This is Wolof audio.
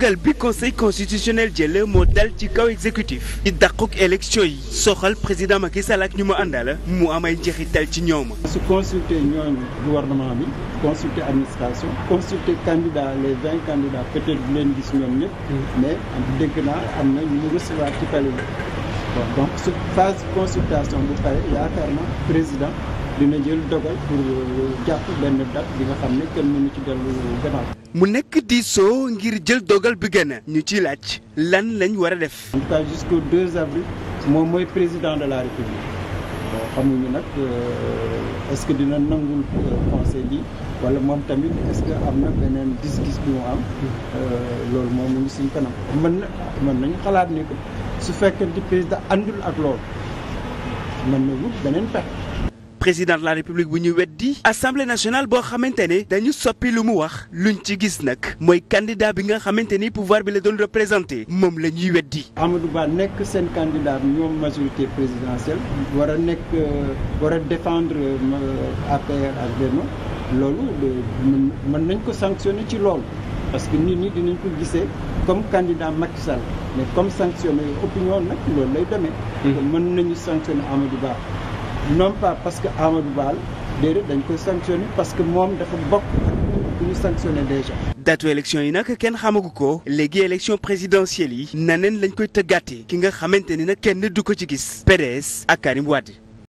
dogal bi conseil constitutionnel jële moo dal ci kaw exécutif ci dàquk élection yi soxal président Macky Sall ak ñu ma àndala mu amay njeexital ci ñoom. su consulter ñooñu gouvernement bi consulter administration consulter candidat les vingt candidats peut-être du leen gis ñoom ñëpp. Mm. mais dégg naa am na ñu recevoir ci palais bi donc su phase consultation bu pare yaakaar na président. dina jël dogal pour euh, jàpp benn date bi nga xam ne kenn mënu ci dellu gannaaw. mu nekk diisoo ngir jël dogal bi gën a ñu ciy laaj lan lañ war a def. en tout cas jusqu'au avril moom mooy président de la république bon xamuñu nag euh, est-ce que dina nangul euh, bi wala moom tamit est-ce que am na beneen gis-gis bi mu am loolu moom mu ngi suñ kanam mën na mën nañu xalaat ni su fekkee di président àndul ak loolu mën na wut beneen pexe. président la république bu ñu weddi assemblée nationale boo xamante ne dañu soppi lu mu wax lu ñu ci gis nag mooy candidat bi nga xamante ni pouvoir bi la doon représenté moom la ñuy weddi. Amadou Ba nekk seen candidat ñoom majorité présidentielle war a nekk euh, war a défendre euh, APR ak Benno loolu euh, mën nañ ko sanctionner ci loolu parce que nit ñi dinañ ko gisee comme candidat Macky Sall mais comme sanctionner opinion nag loolu lay demee. mën nañu sanctionner non pas parce que Amadou Baal déedéet dañ koy sanctionné parce que moom dafa bokk ku ñu sanctionné déjà. datu élection yi nag kenn xamagu ko léegi élection présidentielle yi. naneen lañ koy tëggaatee. ki nga xamante ni nag kenn du ko ci gis. PDS ak Karim Wade.